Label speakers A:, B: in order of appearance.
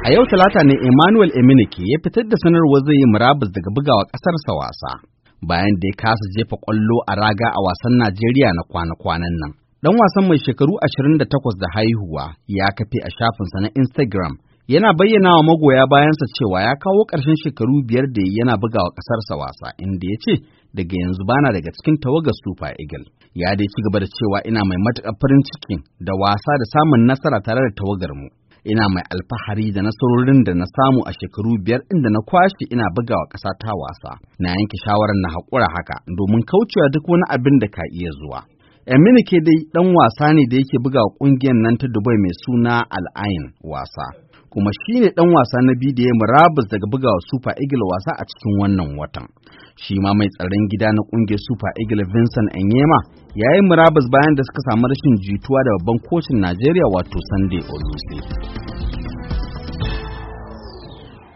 A: A yau Talata ne Emmanuel Eminike ya fitar da sanarwar zai yi murabus daga bugawa ƙasarsa wasa bayan da ya kasa jefa ƙwallo a raga a wasan Najeriya na kwana-kwanan nan. Ɗan wasan mai shekaru 28 da haihuwa ya kafe a shafinsa na Instagram yana bayyana wa magoya bayansa cewa ya kawo ƙarshen shekaru biyar da yana bugawa ƙasarsa wasa inda ya ce daga yanzu bana daga cikin tawagar Super Eagle. Ya dai ci gaba da cewa ina mai matuƙar farin cikin da wasa da samun nasara tare da tawagar mu. ina mai alfahari da nasarorin da na samu a shekaru biyar inda na kwashe ina bugawa ƙasa ta wasa na yanke shawarar na haƙura haka domin kaucewa duk wani abin da ka iya zuwa ke dai ɗan wasa ne da yake buga ƙungiyar nan ta Dubai mai suna Al'ain wasa. Kuma shi ne ɗan wasa na biyu da ya murabus daga bugawa Super Eagle wasa a cikin wannan watan. Shi ma mai tsaron gida na ƙungiyar Super Eagle Vincent Enyema ya yi murabus bayan da suka samu rashin jituwa da babban kocin Najeriya wato Sunday Olusi.